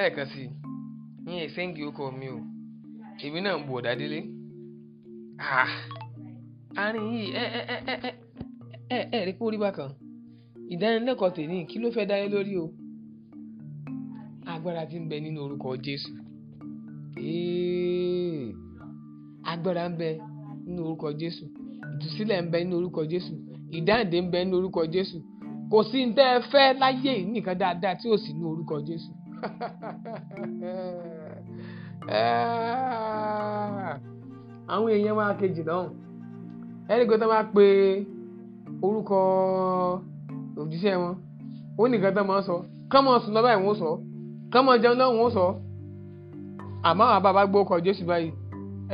lẹ́ẹ̀kan sí si yẹn sẹ́ńgì ó mi o ebi na ń bu ọ̀dà délé ah, àárín yìí ẹ ẹ ẹ ẹ ẹ ẹ ẹ rí o agbára ti ń bẹ nínú orúkọ Jésù agbára ń bẹ nínú orúkọ Jésù ìtúsílẹ̀ ń bẹ nínú orúkọ Jésù ìdáǹdè ń bẹ nínú orúkọ Jésù kò sí ní tẹ́ ẹ fẹ́ láyé nìkan dáadáa tí ò sí Ah. àwọn èèyàn máa kejì lọ́hùn ẹni kan tó máa pe orúkọ òjíṣẹ́ wọn ó nìkan tó máa sọ kán máa sùn lọ́bàá ìwọ̀n sọ kán máa jẹun lọ́hùn ó sọ àmọ́ àwọn bàbá gbọ́ ọkọ̀ Jésù báyìí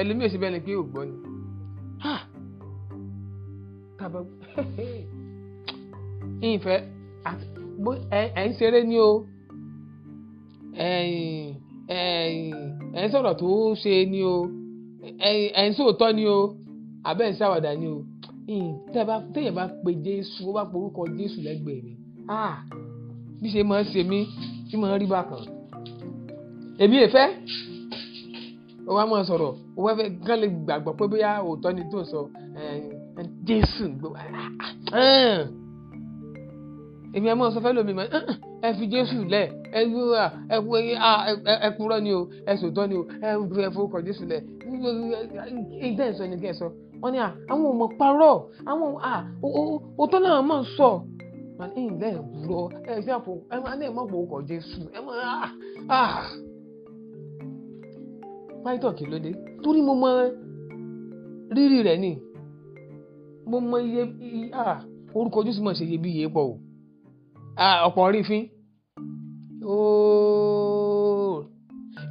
ẹlòmíì síbẹ̀ ni pé ò gbọ́ ni tàbá ìfẹ́ ẹ̀ ń ṣeré ni o ẹ̀ ń sọ̀rọ̀ tó ṣe ni o ẹ̀ ń sòótọ́ ni o àbẹ́ ń ṣàwàdà ni o téèyàn bá pe Jésù ó bá porúkọ Jésù lẹ́gbẹ̀ẹ́ mi bí ṣe máa ń ṣe mí tí máa ń rí bákan èmi è fẹ́ ó wá máa sọ̀rọ̀ ó wá fẹ́ kán lè gbàgbọ́ pé bóyá òótọ́ ni tó sọ Jésù gbọ́ èmi ẹ sọ fẹ́ lómi mọ ẹ fi jésù ẹ ẹ ẹ ni o ẹ ni o ẹ ẹ jésù ni kẹ́ sọ àwọn ọmọ parọ́ àwọn òótọ́ náà mọ̀ sọ màá ní ìlẹ̀ ìwúrọ ẹ fi àpò ẹ máa ní ẹ jésù ẹ mọ̀ ah pàìtọ́ kì ló dé torí mo mọ rírì rẹ̀ ni mo mọ iye orúkọ Ah, ọ̀pọ̀ rí fín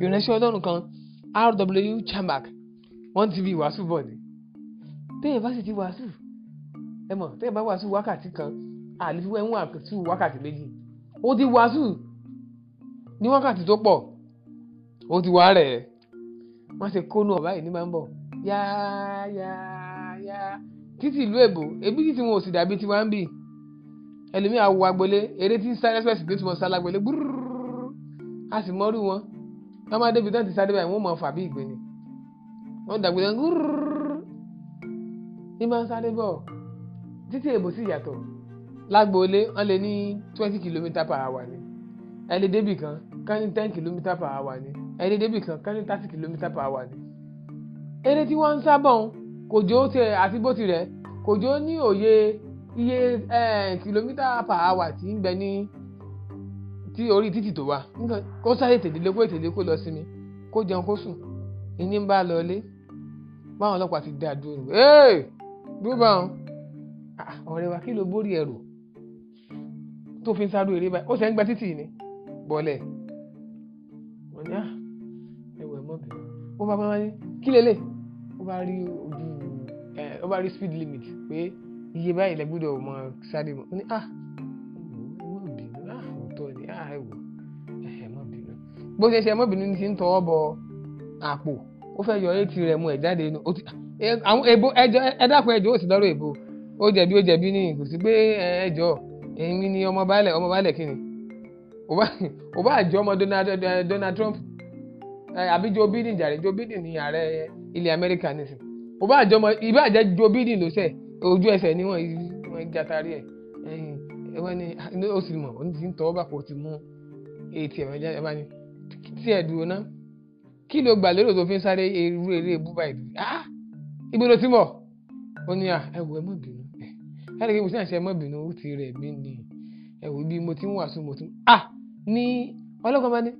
ìrìnàṣẹ́ ọlọ́run kan rw chambak wọ́n ti fi wàásù bọ̀ ni téèyàn bá sì ti wàásù ẹ mọ̀ téèyàn bá wàásù wákàtí kan àlefiwẹ́ ń wàásù wákàtí méjì ó ti wàásù ní wákàtí tó pọ̀ ó ti wá rẹ̀ wọ́n ṣe kónú ọ̀bá yìí ní máa ń bọ̀ yáyáyá títí ìlú èbó èbí tí wọn ò sì dàbí tiwa ń bì ẹlòmíì àwọ agbolé eré tí ń sáré ẹsẹ̀ sì tó ti mọ̀ sá lágbolé gbúrúrú a sì mọ́rú wọn wọ́n máa débi tán ti sáré báyìí wọ́n mọ̀ fà bí ìgbẹ́ ni wọ́n dàgbé tán gbúrúrú ní máa ń sáré bọ̀ títí èbò sì yàtọ̀ lágbolé wọ́n lè ní twenty kilometre per hour ni ẹni débì kan kán ní ten kilometre per hour ni ẹni débì kan kán ní thirty kilometre per hour ni eré tí wọ́n ń sábọ̀ kò jó tiẹ̀ àti bó tirẹ̀ kò jó ní òye iye eh, kìlómítà per hour tí ń bẹ ní tí orí títì tó wà kó sáré tèdélé kó tèdélé kó lọ sinmi kó jẹun kó sùn ìní ń bá lọ ilé báwọn ọlọ́pàá ti dá dúró ee dúbà ọ́n ọ̀rẹ́ wa kí ló borí ẹ̀rù tó fi ń sáré eré báyìí ó ṣe ń gba títì ni bọ́lẹ̀ wọ́n ní ah, ẹ̀wẹ̀ mọ́bì ó bá bá wá ní kí lélẹ̀ ó bá rí ojú eh, ó bá rí speed limit pé. Eh, iye báyìí lẹ gbọ́dọ̀ mọ sáré ní ah mọ́ bínú ah òótọ́ ni ah ẹ wò ẹ mọ́ bínú bó ṣe ṣe mọ́ bínú ti ń bọ àpò ó fẹ́ yọ etí rẹ̀ mu ẹ̀ jáde inú àwọn èbó ẹjọ ẹ dákun ó sì èbó ó jẹ̀bi ó jẹ̀bi ní kò sí pé èmi ni ọmọ ọmọ kí ni ò bá àjọ ọmọ Donald ojú ẹsẹ̀ ni wọ́n wọ́n jatari ẹ̀ ẹ̀wọ́n ni ah, ó sì mọ̀ ó ti ń tọ́ bá kó ti mú etí ẹ̀wọ̀n jáde bá ní tí ẹ̀ dúró ná kí ló gbà lérò tó fi ń sáré irú eré búba ìlú ah ibi ló ti mọ̀ ó ní à ah, ẹ wò ẹ mọ̀ bínú ẹ eh, láti kí mo sì àṣẹ ẹ mọ̀ bínú ó ti rẹ̀ mí ni ẹ wò bí mo ti ń wàásù mo ti ah ní ọlọ́kan bá ní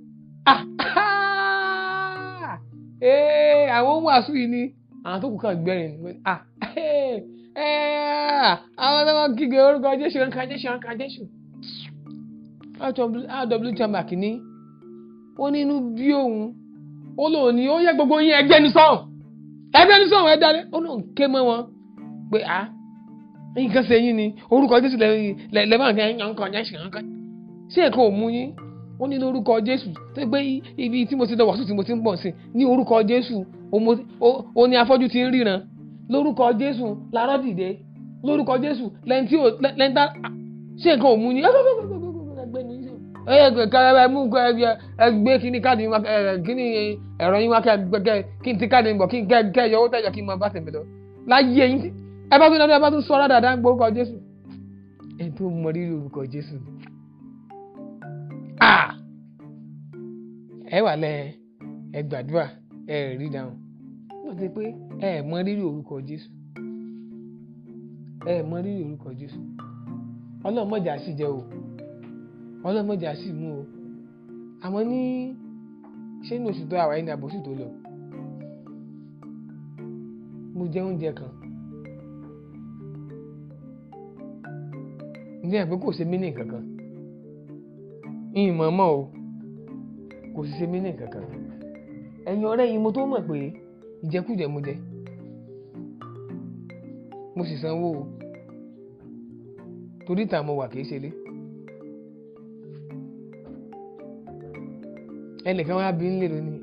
ah ah ee eh, àwọn ohun wàásù yìí ni àwọn tó kù kàn gbẹ́rin ah ee. Eh, àwọn ọmọ gígé orúkọ jésù ń ka jésù ń ka jésù rw chamberlain kìíní ó nínú bí òun ó lòun ni ó gbogbo yín ẹgbẹ́ ní sọ́hùn ẹgbẹ́ ní ẹ dáre ó lòun ah mọ́ wọn pé a nǹkan ṣe yín ni orúkọ jésù lẹ́ẹ̀mọ́ nǹkan ẹ̀yàn ibi mo ti lórúkọ jésù làárọ̀ dìde lórúkọ jésù lẹ́yìn tí ò lẹ́yìn tá ṣé nǹkan ò mú ni ẹgbẹ́ kíní káàdì kíní ẹ̀rọ yín wá kẹ́ kí n ti káàdì ń bọ̀ kí n kẹ́ yọ owó tẹ̀yọ̀ kí n máa bá tẹ̀mí lọ láyé ẹ̀yìn tí ẹ bá tún lọ́dún ẹ bá tún sọ ọ́rọ́ dáadáa ń gbọ́ orúkọ jésù ẹ̀ tó mọ rírì orúkọ jésù ẹ wà lẹ ẹ gbàdúrà ẹ rí dáhùn. ó ti pé ẹ ẹ mọ rírì orúkọ Jésù ẹ ẹ mọ rírì orúkọ Jésù ọlọ́mọjà jẹ o ọlọ́mọjà sì mú o àmọ́ ní ṣé ní oṣù tó àwáyé ní abọ́sù tó lọ mo jẹ oúnjẹ kan ní àpé kò ṣe mí ní nǹkan kan mọ́ o kò sì ṣe mí ẹ̀yin ìjẹkújẹ mo jẹ mo sì sanwó o torí ìta mo wà kì í ṣe lé ẹnìkan wá bí ń lè lónìí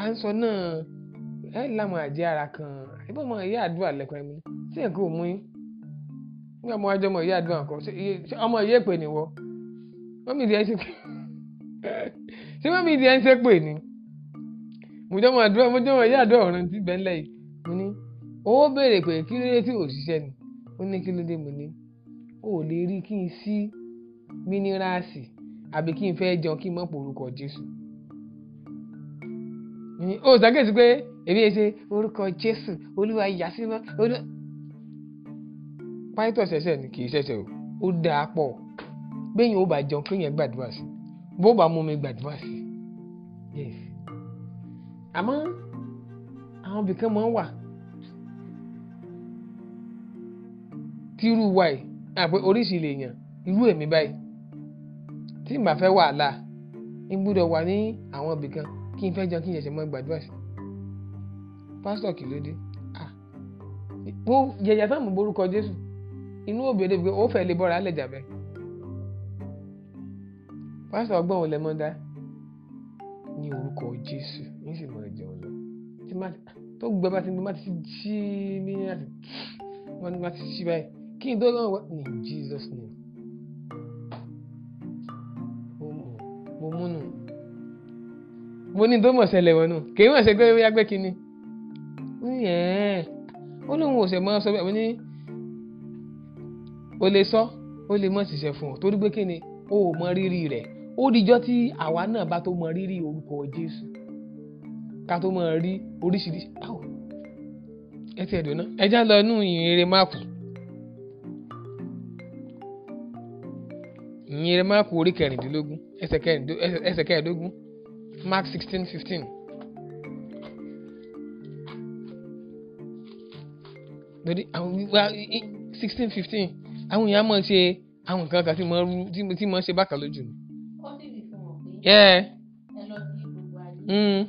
à ń sọ náà ẹ lámọ àjẹ ara kan ìbá ọmọ ìyá àdúrà lẹkọọ ẹmu sí ẹkọ òmú yín nígbà mo wá jọ ọmọ ìyá àdúrà kan ọmọ ìyá èpè nìwọ mọmì ìdí ẹ ń ṣe pé ṣé mọmì ìdí ẹ ń ṣe pè ní mo jẹ́ mọ̀ àdúrà mo jẹ́ mọ̀ ìyá àdúrà ọ̀ràn tí bẹ́ẹ̀ lẹ́yìn mo ní owó béèrè pé kí ló dé tí ò ṣiṣẹ́ ni ó ní kí ló dé mo ní o ò lè rí kí n sí mínírààsì àbí kí n fẹ́ jẹun kí n mọ̀ porúkọ Jésù o ṣàkíyèsí pé èmi ẹ ṣe orúkọ Jésù Olúwa ìyàsímọ́ olú pàìtọ́ ṣẹ̀ṣẹ̀ ni kì í ṣẹ̀ṣẹ̀ o ó dáa pọ̀ béèyàn ó bá jẹun kéèyàn gbàdúrà sí bó bá mú mi gbàdúrà sí yes àmọ́ àwọn ibìkan máa ń wà tírú wa yìí àpò oríṣi lè yàn irú èmi báyìí tí màá fẹ́ wàhálà n gbúdọ̀ wà ní àwọn ibìkan kí n fẹ́ jẹun kí n ṣẹ̀ṣẹ̀ mọ́ gbàdúrà sí pásítọ̀ kí ló dé mo yẹ̀yà sáà mo borúkọ Jésù inú òbí ọdẹ bí ó fẹ́ lè bọ́ra alẹ́ jà bẹ́ẹ̀ pásítọ̀ ọgbọ́n ò lẹ́ mọ́ dáa ní orúkọ Jésù ní sì máa jẹun lọ tí má tó gbẹ bá ti gbẹ má ti jí ní láti má ti jí báyìí kí n tó rán wá ní Jesus name mo mú nù mo ní tó mọ̀ ṣẹlẹ̀ wọn nù kì í mọ̀ ṣe pé bóyá gbé kínní ó ní ẹ̀ẹ́n ó lóun ò ṣe máa sọ bẹ́ẹ̀ mo ní o lè sọ ó lè mọ̀ ṣiṣẹ́ fún ọ torí pé kínní o ò mọ rírì rẹ̀ ó dijọ́ tí àwa náà bá tó mọ rírì orúkọ Jésù ká tó mọ rí oríṣiríṣi báwo ẹ ti ẹ̀dùn náà ẹ já lọ inú ìyìnrere máàpù ìyìnrere máàpù orí kẹrìndínlógún ẹsẹ̀ kẹrìndínlógún Mark sixteen fifteen. lórí àwọn wíwá sixteen fifteen àwọn èèyàn máa ṣe àwọn nǹkan kan tí mo ṣe bákan lójú mi Yeah. Mm.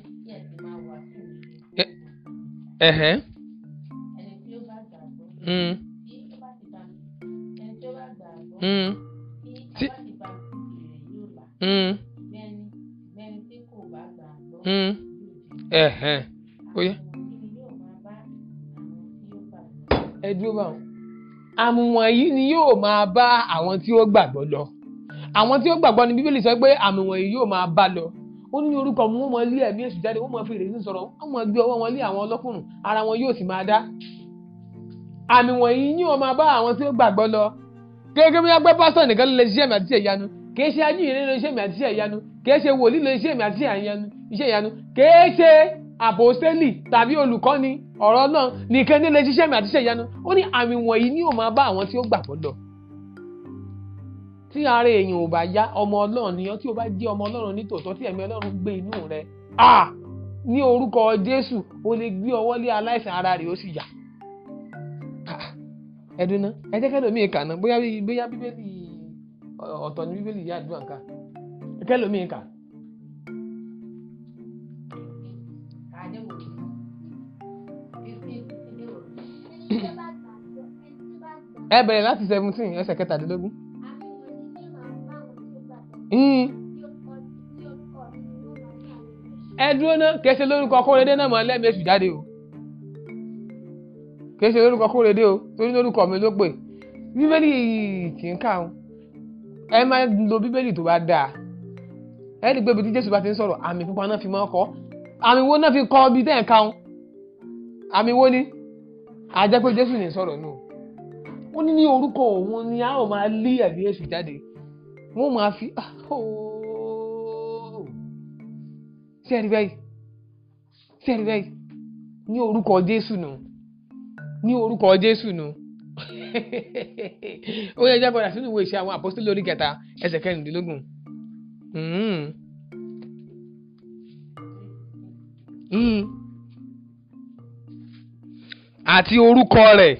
yìí ni yóò máa bá àwọn tí ó gbàgbọ́ lọ. àwọn tí ó gbàgbọ́ ní bíbélì sọ pé àmì wọ̀nyí yóò máa bá lọ ó ní orúkọ mu wọn mọ ilé ẹ̀mí èṣù jáde wọn mọ fi ìrètí sọ̀rọ̀ wọn mọ gbé ọwọ́ wọn lé àwọn ọlọ́kùnrùn ara wọn yóò sì máa dá àmì wọ̀nyí yóò máa bá àwọn tí ó gbàgbọ́ lọ gẹ́gẹ́ bí agbẹ́ pásítọ̀ nìkan lè ṣiṣẹ́ mi àti iṣẹ́ ìyanu kìí ṣe ajíhìnrere lè ṣiṣẹ́ mi àti iṣẹ́ ìyanu kìí ṣe wòlíì lè ṣiṣẹ́ mi àti iṣẹ́ ìyanu kìí ṣe àpòstélì tàbí olùkọ́ni ọ̀rọ̀ náà nìkan àti tí ara èèyàn ò bá ọmọ ọlọ́run nìyẹn tí o bá jẹ́ ọmọ ọlọ́run ní tòótọ́ tí ẹ̀mí ọlọ́run gbé inú rẹ ní orúkọ jésù o lè gbé ọwọ́ aláìsàn ara rẹ̀ o sì yà ẹ ẹ dúró náà kèsè lórúkọ kóredé náà mọ lẹ́mìí èṣù jáde o kèsè lórúkọ kóredé o torí lórúkọ mi ló pè bíbélì tí ń kà ẹ máa lo bíbélì tó bá dáa ẹ rí i pé ibi tí jésù bá ti ń sọ̀rọ̀ àmì pupa náà fi máa kọ́ àmì wo náà fi kọ́ ibi tẹ́ ẹ̀ ká àmì wo ni àjẹpé jésù ní sọ̀rọ̀ náà ó ní ní orúkọ òun ni a ó máa lé ẹ̀mí èṣù jáde wọ́n máa fi sẹ́ẹ̀rì ah, oh. báyìí sẹ́ẹ̀rì báyìí ní orúkọ Jésù nù ní orúkọ Jésù nù ó yẹ jẹ́ padà sínú ìwé ìṣe àwọn àpọ́sítélì lórí kẹta ẹsẹ̀ kẹrìndínlógún. Hmm. Hmm. àti orúkọ rẹ̀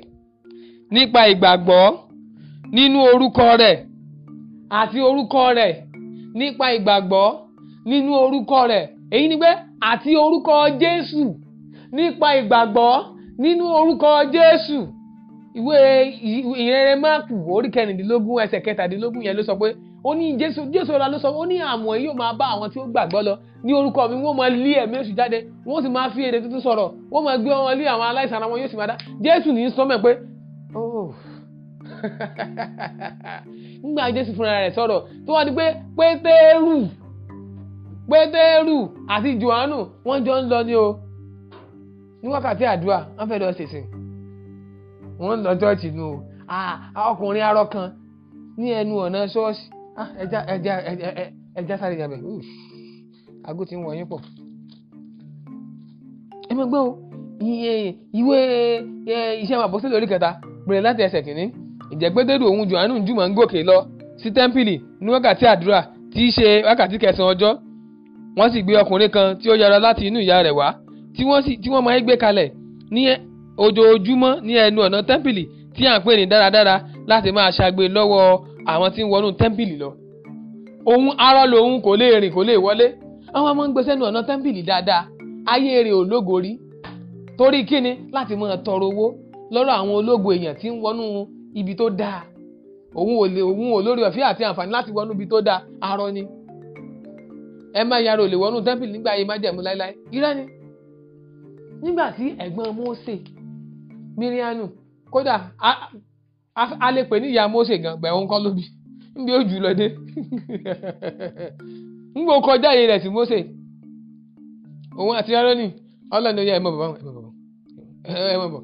nípa ìgbàgbọ́ nínú orúkọ rẹ̀ àti orúkọ rẹ̀ nípa ìgbàgbọ́ nínú orúkọ rẹ̀ èyí ni pé àti orúkọ Jésù nípa ìgbàgbọ́ nínú orúkọ Jésù ìwé ìrere máàkù orí kẹrìndínlógún ẹsẹ̀ kẹtàdínlógún yẹn ló sọ pé ó ní Jésù Jésù ọlá ló sọ ó ní àwọn yóò máa bá àwọn tí ó gbàgbọ́ lọ ní orúkọ mi wọ́n máa lé ẹ̀mí èṣù jáde wọ́n sì máa fi èdè tuntun sọ̀rọ̀ wọ́n máa gbé wọn lé àwọn aláìsàn ara wọn yóò sì máa dá Jésù ní sọmọ pé nígbà jésù fúnra rẹ̀ sọ̀rọ̀ tó wá di pé pétérù pétérù àti johannu wọ́n jọ ń lọ ní o ní wákàtí àdúrà wọ́n fẹ́ lọ ṣèṣìn wọ́n ń lọ chọ́ọ̀chì nù o ọkùnrin arọ kan ní ẹnu ọ̀nà ṣọ́ọ̀ṣì ẹja sáré jàbẹ̀ àgó ti ń wọ̀ pọ̀ ẹ mọ̀ gbọ́ ìwé iṣẹ́ màbọ́sílẹ̀ orí kẹta bẹ̀rẹ̀ láti ẹsẹ̀ kìíní ìjẹ́gbẹ́dẹ́dù òun jòhánù jùmọ̀ ń gòkè lọ sí tẹ́ḿpìlì ní wákàtí àdúrà tí í ṣe wákàtí kẹsàn-án ọjọ́ wọ́n sì gbé ọkùnrin kan tí ó yára láti inú ìyá rẹ̀ wá tí wọ́n máa ń gbé kalẹ̀ ní ojoojúmọ́ ní ẹnu ọ̀nà tẹ́ḿpìlì tí à ń pè ní dáradára láti máa ṣagbe lọ́wọ́ àwọn tí ń wọnú tẹ́ḿpìlì lọ. òun arọ lòun kò lè rìn kò lè wọlé àwọn ọmọ ń gbé sẹ́nu ọ̀nà tẹ́ḿpìlì dáadáa ayé rẹ̀ ò lógo rí torí kíni láti máa tọrọ owó lọ́rọ̀ àwọn ológo èèyàn tí ń wọnú ibi tó dáa òun ò lè òun ò lórí ọ̀fíà àti àǹfààní láti wọnú ibi tó dáa arọ ni ẹ má yára ò lè wọnú tẹ́ḿpìlì nígbà ayé má jẹ̀mú láéláé irọ́ ni nígbà tí ẹ̀gbọ́n Mósè Míríánù kódà a lè pè ní ìyá Mósè gan bẹ̀ òun kọ́ ló bí níbi ó jù lọ dé nígbà ó kọjá yìí rẹ̀ sí Mósè òun àti Árónì ọlọ́ni ó yẹ ẹ mọ̀ bọ̀ báwọn ẹ mọ̀ bọ̀ báwọn mọ̀ bọ̀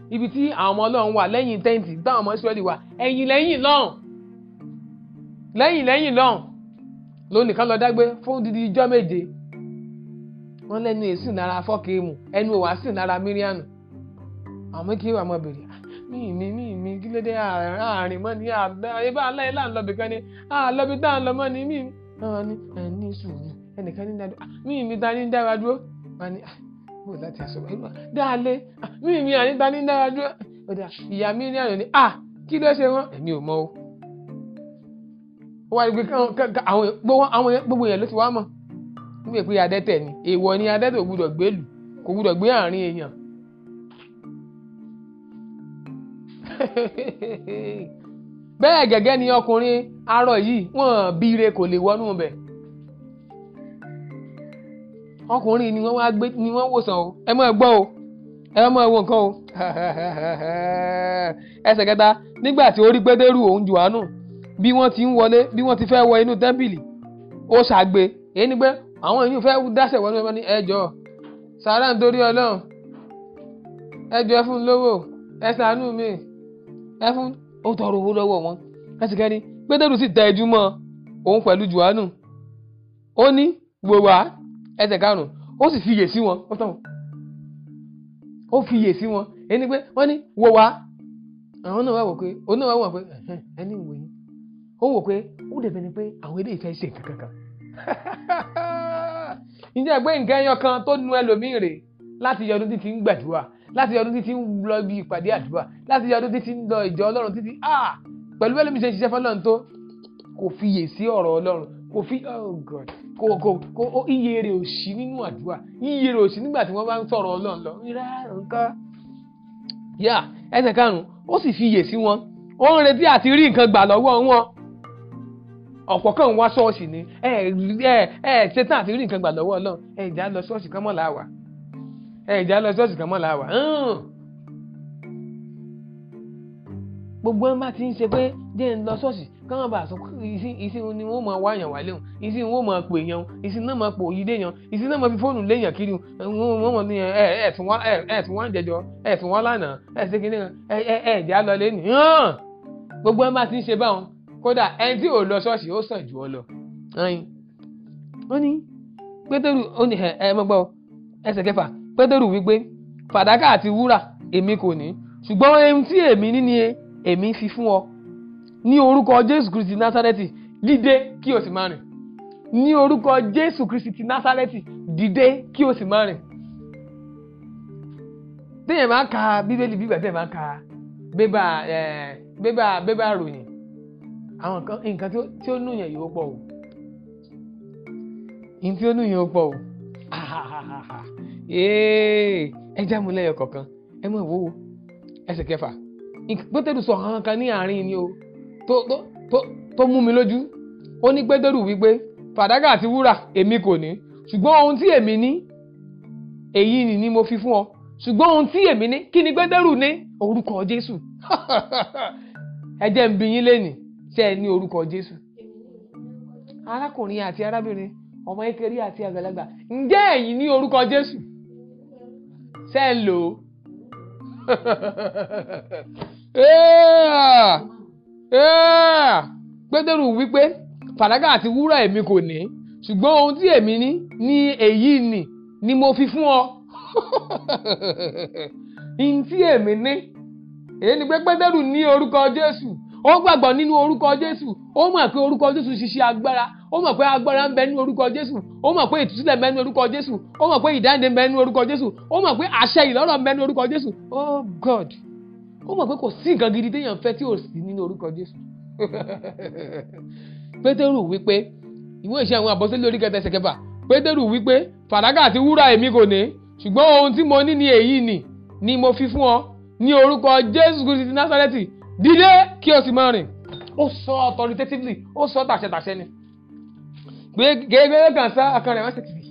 ibi tí àwọn ọmọ ọlọ́run wà lẹ́yìn tẹ́ǹtì táwọn ọmọ ìsírẹ́lì wà ẹ̀yìn lẹ́yìn lọ́hùn lẹ́yìn lẹ́yìn lọ́hùn lòun nìkan lọ dágbé fún dídí ijọ́ méje wọ́n lẹ́nu èsì lára fọ́kéèmù ẹnu òwà sì lára míríànù àwọn méjì wà mọ́ bèrè míì ah, mi míì mi kí ló dé àárín mọ́ ni àbá aláì là ń lọ bìkan ni àlọ́bí tá à ń lọ mọ́ ni míì mi. ẹni sùn ẹnìkan ní dáadọ́ ah, míì mi ta ní dára dúró wọ́n ní ah, bó láti àṣọwọ́ ìmọ̀ dáálé mí mi àníta ní dára dúró ọ̀dà ìyá mi ní àná ni à kí ló ṣe wọ́n èmi ò mọ̀ o. ó wá rí pé àwọn gbogbo èèyàn ló ti wá mọ̀ wọ́n mọ̀ pé adẹ́tẹ̀ ni èèwọ̀ ni adẹ́tẹ̀ ò gbúdọ̀ gbé lù kò gbúdọ̀ gbé àárín èèyàn. bẹ́ẹ̀ gẹ́gẹ́ ni ọkùnrin arọ yìí wọ́n bíire kò lè wọnú bẹ̀ ọkùnrin ni wọ́n wá gbé ni wọ́n wòsàn o ẹ máa gbọ́ o ẹ máa wo nǹkan o ẹsẹ̀ kẹta nígbà tí ó rí pétérù òun jòhánù bí wọ́n ti ń wọlé bí wọ́n ti fẹ́ wọ inú tẹ́ḿpìlì ó ṣàgbé èyí ni pé àwọn èèyàn fẹ́ dáṣẹ̀ wọnú ẹgbẹ́ ní ẹjọ́ sàárà nítorí ọlọ́run ẹjọ́ ẹ fún mi lówó ẹ ṣàánú mi ẹ fún ó tọrọ owó lọ́wọ́ wọn ẹsẹ̀ kẹrin pétérù sì tẹ ẹjú mọ́ òun pẹ̀lú jòhánù ó ní wò wá ẹsẹ̀ karùn-ún ó sì fiyè sí wọn ó tán ó fiyè sí wọn ẹni pé wọ́n ní wò wá àwọn náà wà wò pé òun náà wà wò pé ẹni wò yín ó wò pé ó dẹ̀bẹ̀ ni pé àwọn eléyìí fẹ́ ṣe nǹkan kankan ǹjẹ́ ẹgbẹ́ nǹkan ẹyọ kan tó nu ẹlòmíì rè láti yọ ọdún tí ti ń gbàdúrà láti yọ ọdún tí ti ń lọ ibi ìpàdé àdúrà láti yọ ọdún tí ti ń lọ ìjọ ọlọ́run títí ah! pẹ̀lú bẹ́ẹ̀ lómi ṣe ń ṣiṣẹ́ fọlọ́run tó kò fiyè sí ọ̀rọ̀ ọlọ́run kò fi oh God kò kò kò oh, iye rẹ̀ ò sí nínú àdúrà iye rẹ̀ ò sí nígbà tí wọ́n bá ń sọ̀rọ̀ ọlọ́run lọ rírá nǹkan. yà ẹsẹ̀ karùn-ún ó sì fi iyè sí wọn ó ń retí àti rí nǹkan gbà lọ́wọ́ wọn ọ̀pọ̀ kan wá ṣọ́ọ̀ṣì ni ẹ ẹ ẹ ṣetán àti rí nǹkan gbà lọ́wọ́ ọlọ́run ẹ ìjà lọ ṣọ́ọ̀ṣì kan mọ̀ láwà ẹ ìjà lọ ṣọ́ọ̀ṣì kan mọ̀ láwà gbogbo ẹ má ti ń ṣe pé jẹ́ ń lọ ṣọ́ọ̀ṣì káwọn bá sọ ìsìn ìsìn ni wọ́n máa wáyàn wá léwu ìsìn wọ́n máa pè yan ìsìn náà máa pò yí dé yan ìsìn náà máa fi fóònù léyàn kiri wọ́n mọ̀ ní ẹ ẹ tún wá ẹ ẹ tún wá ń jẹjọ ẹ tún wá lánàá ẹ ṣe kíní ẹ ẹ ẹ ìjà lọ lé nì hàn gbogbo ẹ máa ti ń ṣe báwọn kódà ẹni tí ò lọ ṣọ́ọ̀ṣì ó sàn jù ọ lọ. ó ní pétérù ó ní ẹ ẹ mọ gbọ́ ẹsẹ̀ kẹfà pétérù wípé fàdákà àti wúrà èmi kò ní ṣùgbọ́n ohun tí èmi ní ni e, èmi fi fún ọ ní orúkọ jésù kristi násárẹ́tì dìde kí o sì máa rìn ní orúkọ jésù kristi ti násárẹ́tì dìde kí o sì máa rìn téèyàn máa ń ka bíbélì bíbà téèyàn máa ń ka bébà bébà bébà ròyìn àwọn nǹkan tí ó nù yẹn yóò pọ̀ o nǹkan tí ó nù yẹn ó pọ̀ o ẹ já mu lẹ́yọ̀ kọ̀ọ̀kan ẹ mọ̀ ìwúwo ẹsẹ̀ kẹfà pétérù sọ àwọn kan ní àárín ni o tó tó tó tó mú mi lójú ó ní pétérù wípé fàdákà àti wúrà èmi kò ní ṣùgbọ́n ohun tí èmi ní èyí ni ni mo fi fún ọ ṣùgbọ́n ohun tí èmi ní kí ni pétérù ní orúkọ jésù ẹ jẹ́ ń bi yín lẹ́nìí ṣe é ní orúkọ jésù arákùnrin àti arábìnrin ọmọ kékeré àti àgbàlagbà ǹjẹ́ ẹ̀yin ní orúkọ jésù ṣe é lò ó. Ah! pétérù wípé fàdákà àti wúrà èmi kò ní ṣùgbọ́n ohun tí èmi ní ní èyí nì ni mo fi fún ọ ihun tí èmi ní èyí ni pé pétérù ní orúkọ jésù ó gbàgbọ́ nínú orúkọ jésù ó mọ̀ pé orúkọ jésù ṣiṣẹ́ agbára ó mọ̀ pé agbára ń bẹ nínú orúkọ jésù ó mọ̀ pé ìtúsílẹ̀ ń bẹ nínú orúkọ jésù ó mọ̀ pé ìdáǹdè ń bẹ nínú orúkọ jésù ó mọ̀ pé àṣẹ ìlọ́rọ̀ ń bẹ nínú orúkọ jésù oh God ó mọ̀ pé kò sí nǹkan gidi téèyàn fẹ́ tí ò sí nínú orúkọ Jésù Pétérù wípé ìwé ìṣe àwọn àbọ̀sílẹ̀ orí kẹta ẹsẹ̀ kẹfà Pétérù wípé fàdákà àti wúrà èmi kò ní ṣùgbọ́n ohun tí mo ní ni èyí nì ni mo fi fún ọ ní orúkọ Jésù Kristi ti Násárẹ́tì dìde kí o sì máa rìn ó sọ authoritatively ó sọ tàṣẹtàṣẹ ni gbẹgbẹ kan sá akọrin wọn ṣe tìtì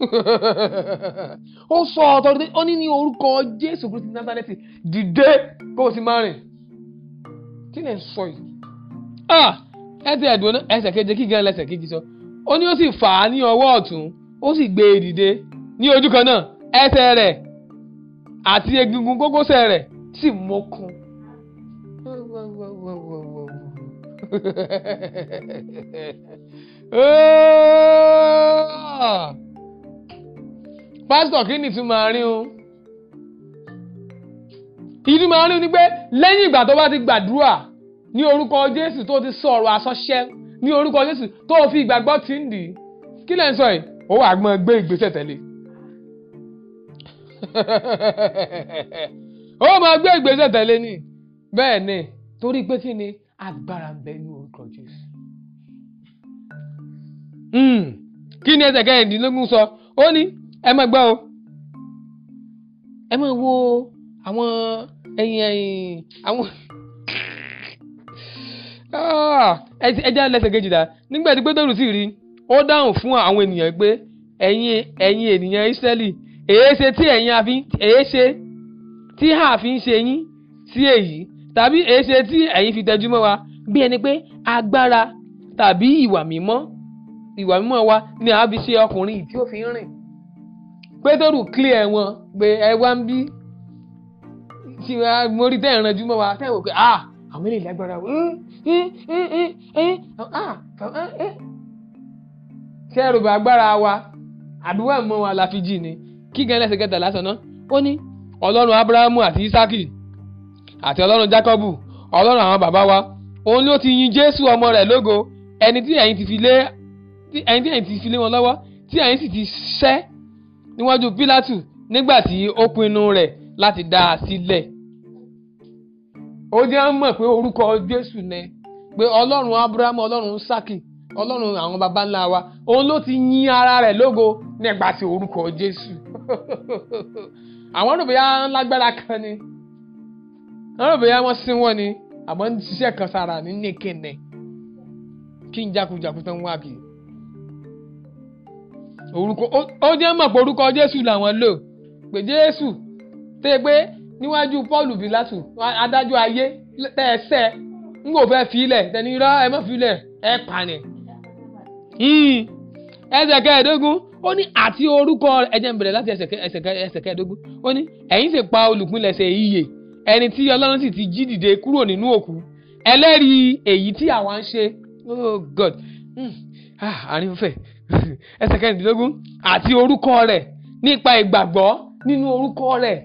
ó sọ ọ̀tọ̀ dídé ó ní ní orúkọ Jésù Kristi Násárẹ́tì dìde kó o sì máa rìn kí lè sọ yìí ah, ẹsẹ̀ ẹ̀dùn ẹsẹ̀ keje kí gan lẹsẹ̀ kejì sọ ó ní ó sì fà á ní ọwọ́ ọ̀tún ó sì gbé e dìde ní ojú kan náà ẹsẹ̀ rẹ̀ àti egungun kókósẹ̀ rẹ̀ sì mókun. Oh! pásítọ̀ kí ni ìtumọ̀ àárín o ìtumọ̀ àárín o ni pé lẹ́yìn ìgbà tó bá ti gbàdúrà ní orúkọ Jésù tó ti sọ ọ̀rọ̀ àsọṣẹ ní orúkọ Jésù tó fi ìgbàgbọ́ ti ń dì í kí lẹ́ ń sọ yìí ó wà gbọ́n gbé ìgbésẹ̀ tẹ̀lé ó máa gbé ìgbésẹ̀ tẹ̀lé ni bẹ́ẹ̀ ni torí pé kí ni agbára ń bẹ ní orúkọ Jésù hmm. kí ni ẹsẹ̀ kẹrìndínlógún sọ ó ní ẹ máa gbọ́ o ẹ máa wo àwọn ẹ̀yìn ẹ̀yìn àwọn ah, ẹ jẹ́ lẹ́sẹ̀ kejì dá nígbà tí pétérù sì rí ó dáhùn fún àwọn ènìyàn pé ẹ̀yin ẹ̀yin ènìyàn Ísírẹ́lì èéṣe tí ẹ̀yin àfi èéṣe tí hà fi ń ṣe yín sí èyí tàbí èéṣe tí ẹ̀yin fi tẹjú mọ́ wa bí ẹni pé agbára tàbí ìwà mímọ́ ìwà mímọ́ wa ni a fi ṣe ọkùnrin tí ó fi ń rìn pétérù clear wọn pé ẹ wá ń bí tí mo rí tẹ́ ẹ̀ ranjú mọ́ wa tẹ́ ẹ̀ wò pé ah àwọn eléyìí lágbára o ah, ah, ah, eh. ṣé ẹ rògbò agbára wa àbí wà mọ́ wa la fi jì ni kí gan lẹ́sẹ̀ kẹta lásán náà ó ní ọlọ́run abrahamu àti isaki àti ọlọ́run jacobu ọlọ́run àwọn bàbá wa òun ló ti yin jésù ọmọ rẹ̀ lógo ẹni tí ẹ̀yin ti fi lé ẹni tí ẹ̀yin ti fi lé wọn lọ́wọ́ tí ẹ̀yin sì ti ṣẹ́ níwájú pilatu nígbà tí ó pinnu rẹ̀ láti dá a o ó jẹ́ ń mọ̀ pé orúkọ Jésù ni pé Ọlọ́run Ábúráhámù Ọlọ́run Sákì Ọlọ́run baba ńlá wa òun ló ti ara rẹ̀ lógo nípasẹ̀ orúkọ Jésù àwọn rò bóyá lágbára kan ni àwọn rò bóyá wọ́n sin wọ́n ni àmọ́ ń ṣiṣẹ́ kan sára ní n orúkọ ó ní mọ̀ pé orúkọ jésù làwọn lò pé jésù tẹ́ pé níwájú paul bilasu adájọ́ ayé tẹ́ ẹ sẹ́ ń kò fẹ́ filẹ̀ tẹ̀lé irọ́ ẹ má filẹ̀ ẹ pààyàn. Hmm. ẹsẹ̀ kẹẹ̀ẹ́dógún ó ní àti orúkọ ẹ̀jẹ̀ ń bẹ̀rẹ̀ láti ẹsẹ̀ kẹẹ̀ẹ́dógún ó ní ẹ̀yin sì pa olùpilẹ̀ṣẹ̀ ìyè ẹni tí ọlọ́run sì ti jí dìde kúrò nínú òkú ẹlẹ́rìí èyí tí àwa ń ṣe oh god hmm. ah, àárín fẹ́ẹ́. ẹsẹ̀ kẹrìndínlógún àti orúkọ rẹ̀ nípa ìgbàgbọ́ nínú orúkọ rẹ̀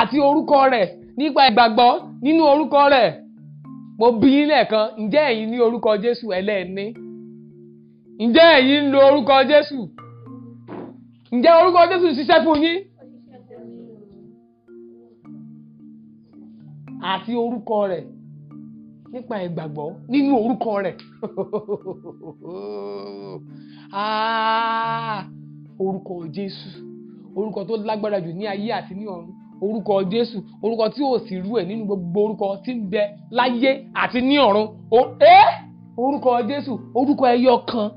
àti orúkọ rẹ̀ nípa ìgbàgbọ́ nínú orúkọ rẹ̀ mo bí yín lẹ́ẹ̀kan ǹjẹ́ ẹ̀yin ní orúkọ Jésù ẹlẹ́ẹ̀ni ǹjẹ́ ẹ̀yin ń lo orúkọ Jésù ǹjẹ́ orúkọ Jésù ṣiṣẹ́ fún yín àti orúkọ rẹ̀ nípa ìgbàgbọ́ nínú orúkọ rẹ̀ Ah, orúkọ Jésù orúkọ tó lágbára jù ní ayé àti ní ọ̀run orúkọ Jésù orúkọ tí ò sí rú ẹ̀ nínú gbogbo orúkọ tí ń bẹ láyé àti ní ọ̀run orúkọ Jésù orúkọ ẹyọ kan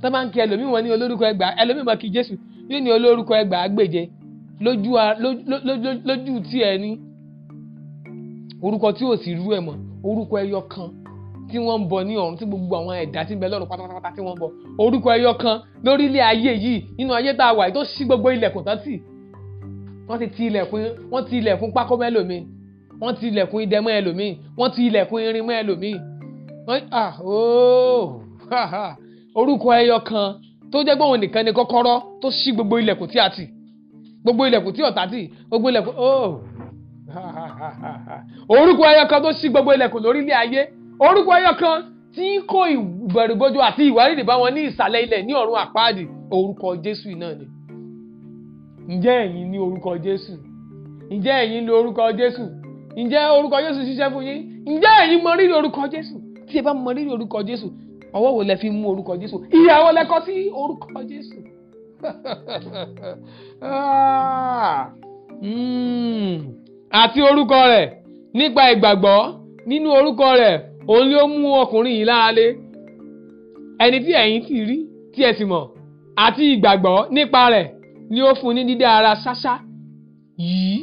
tó máa ń kí ẹlòmíì wọn ní olórúkọ ẹgbàá ẹlòmíì wọn kí Jésù yóò ní olórúkọ ẹgbàá gbèje lójú tí ẹ ní orúkọ tí ò sí rú ẹ̀ mọ́ orúkọ ẹyọ kan tí wọ́n ń bọ ní ọ̀run tí gbogbo àwọn ẹ̀dá tí ń bẹ lọ́run pátápátá tí wọ́n ń bọ orúkọ ẹyọ kan lórílẹ̀ ayé yìí nínú ayé tá a wà yìí tó ṣí gbogbo ilẹ̀kùn tán tì wọ́n ti ti ilẹ̀kùn wọ́n ti ilẹ̀kùn pákó mọ́ ẹlòmíì wọ́n ti ilẹ̀kùn idẹ mọ́ ẹlòmíì wọ́n ti ilẹ̀kùn irin mọ́ ẹlòmíì ah, orúkọ ẹyọ kan tó jẹ́ pé òun nìkan ni kọ́kọ́rọ́ tó ṣí gbogbo ilẹ̀kùn tí a tì gbogbo ilẹ̀kùn tí ọ̀tá tì gbogbo ilẹ̀kùn orúkọ ẹyọ kan tó ṣí gbogbo ilẹ̀kùn lórílẹ̀ ayé orúkọ ẹyọ kan tí ń kó ìbẹ̀rùbojo àti ìwárìrì bá wọn ní ìsàlẹ̀ ilẹ̀ ní ọ̀run àpáàdì orúkọ Jésù náà ni ǹjẹ́ ẹ̀yin ní orúkọ Jésù ǹjẹ́ ẹ̀yin lo orúkọ Jésù ǹjẹ́ orúkọ Jésù ṣiṣẹ́ fún yín ǹjẹ́ ẹ̀yin mọ rírì orúkọ Jésù tí ẹ bá mọ rírì orúkọ Jésù ọwọ́ wo lẹ fi mú orúkọ Jésù ìyàwó lẹ kọ sí orúkọ Jésù ah! hmm. àti orúkọ rẹ̀ nípa ìgbàgbọ́ nínú orúkọ rẹ̀ òun ni ó mú ọkùnrin yìí lára lé ẹni tí ẹ̀yin ti rí tí ẹ sì mọ̀ àti ìgbàgbọ́ nípa rẹ̀ ni ó fún ní dídá ara ṣáṣá yìí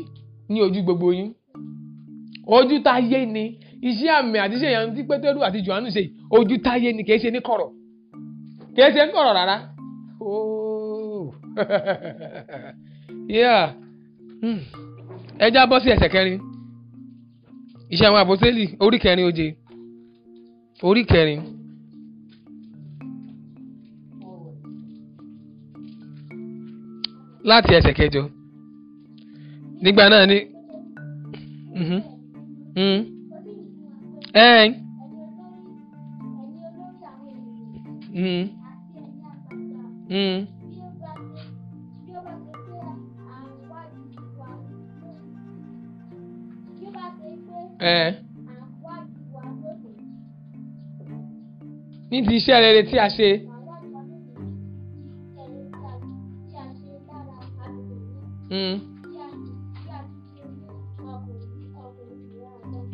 ní ojú gbogbo yín ojú táyé ni iṣẹ́ àmì àti iṣẹ́ ìyanu tí pétérù àti johannu ṣe ojú táyé ni kì í ṣe ní kọ̀rọ̀ kì í ṣe ní kọ̀rọ̀ rárá hmm. ẹ já bọ́ sí ẹsẹ̀ kẹrin iṣẹ́ àwọn àpọ́sítélì orí kẹrin oje orí kẹrin. láti ẹsẹ̀ kẹjọ nígbà náà ni mhm. mhm. ẹn mhm. ẹ. nídìí iṣẹ́ rere tí a ṣe. Mm.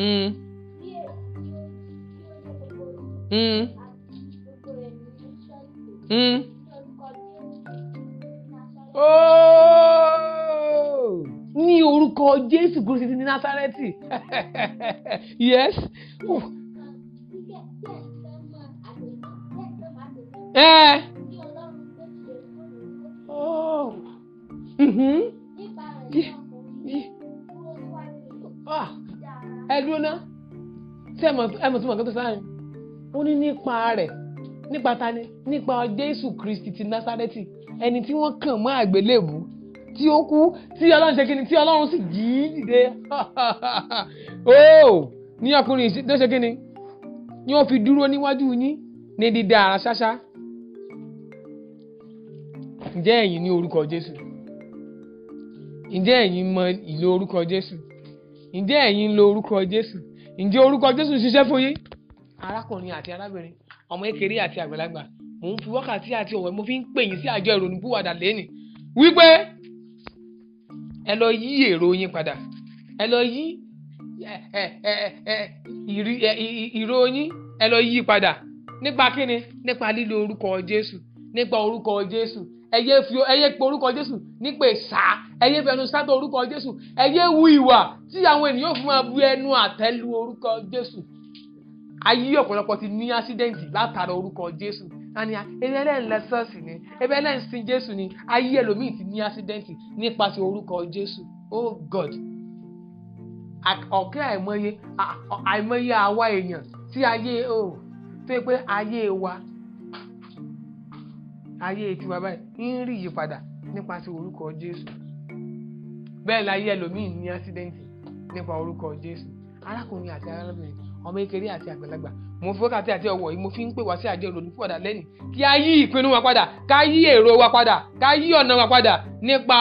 Mm. Mm. Mm. Oh! ní orúkọ Jésù Kristi ní Násárẹ́tì yes. Ooh. ẹ. Eh. Oh. Mm-hmm. Ah. ẹ dúró ná ṣé ẹ mọ̀ sí mọ̀ kí n tó sáyẹn ó ní nípa rẹ̀ nípa ta ni nípa Jésù Kristi ti Násárẹ́tì ẹni tí wọ́n kàn mọ́ àgbélébùú tí ó kú tí Ọlọ́run ṣe kí ni tí Ọlọ́run sì jí dìde ó oh. ní ọkùnrin tó ṣe kí ni ni wọ́n fi dúró níwájú yín ní dídá ara ṣáṣá ǹjẹ́ ẹ̀yin ní orúkọ Jésù ǹjẹ́ ẹ̀yin mọ ìlò orúkọ Jésù ǹjẹ́ ẹ̀yin lo orúkọ Jésù ǹjẹ́ orúkọ Jésù ń ṣiṣẹ́ fún yín arákùnrin àti arábìnrin ọmọ kékeré àti àgbàlagbà mò ń fi wákàtí àti ọ̀wẹ́ mo fi ń pè yín sí àjọ ìrònúpìwàdà lẹ́nì wípé ẹ lọ yí èrò yín padà ẹ lọ yí ìró yín ẹ lọ yí padà nípa kíni nípa orúkọ Jésù ẹyẹ fi ẹyẹ pe orúkọ Jésù nípa ìsá ẹyẹ fi ẹnu sátọ orúkọ Jésù ẹyẹ wu ìwà tí àwọn ènìyàn fún máa bu ẹnu àtẹ́lu orúkọ Jésù ayé ọ̀pọ̀lọpọ̀ ti ní ásídẹ́ǹtì látara orúkọ Jésù àní ẹbí ẹlẹ́yìn lẹ ni ẹbí ẹlẹ́yìn sin Jésù ni ayé ẹlòmíì ti ní ásídẹ́ǹtì nípasẹ̀ orúkọ Jésù oh God ọ̀kẹ́ àìmọye àìmọye àwa èèyàn tí ayé o oh, tó yẹ pé ayé wa ayé tiwa báyìí ń rí ìyípadà nípasẹ̀ orúkọ Jésù bẹ́ẹ̀ láyé ẹlòmíì ní ásídẹ́ǹtì nípa orúkọ Jésù arákùnrin àti arábìnrin ọmọ kékeré àti àgbàlagbà mo fi wákàtí àti ọwọ́ yìí mo fi ń pè wá sí àjẹ olùdókòwòdà lẹ́yìn kí a yí ìpinnu wa padà ká yí èrò wa padà ká yí ọ̀nà wa padà nípa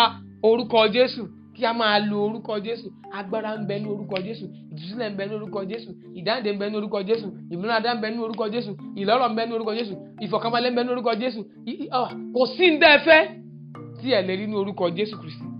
orúkọ Jésù kí a máa lo orúkọ jésù agbára ń bẹ ní orúkọ jésù ìtúsílẹ̀ ń bẹ ní orúkọ jésù ìdáǹdè ń bẹ ní orúkọ jésù ìmúradá ń bẹ ní orúkọ jésù ìlọ́rọ̀ ń bẹ ní orúkọ jésù ìfọ̀kànbalẹ̀ ń bẹ ní orúkọ jésù kò sí ń dẹ́ fẹ́ tí ẹ̀ lè rí ní orúkọ jésù kristi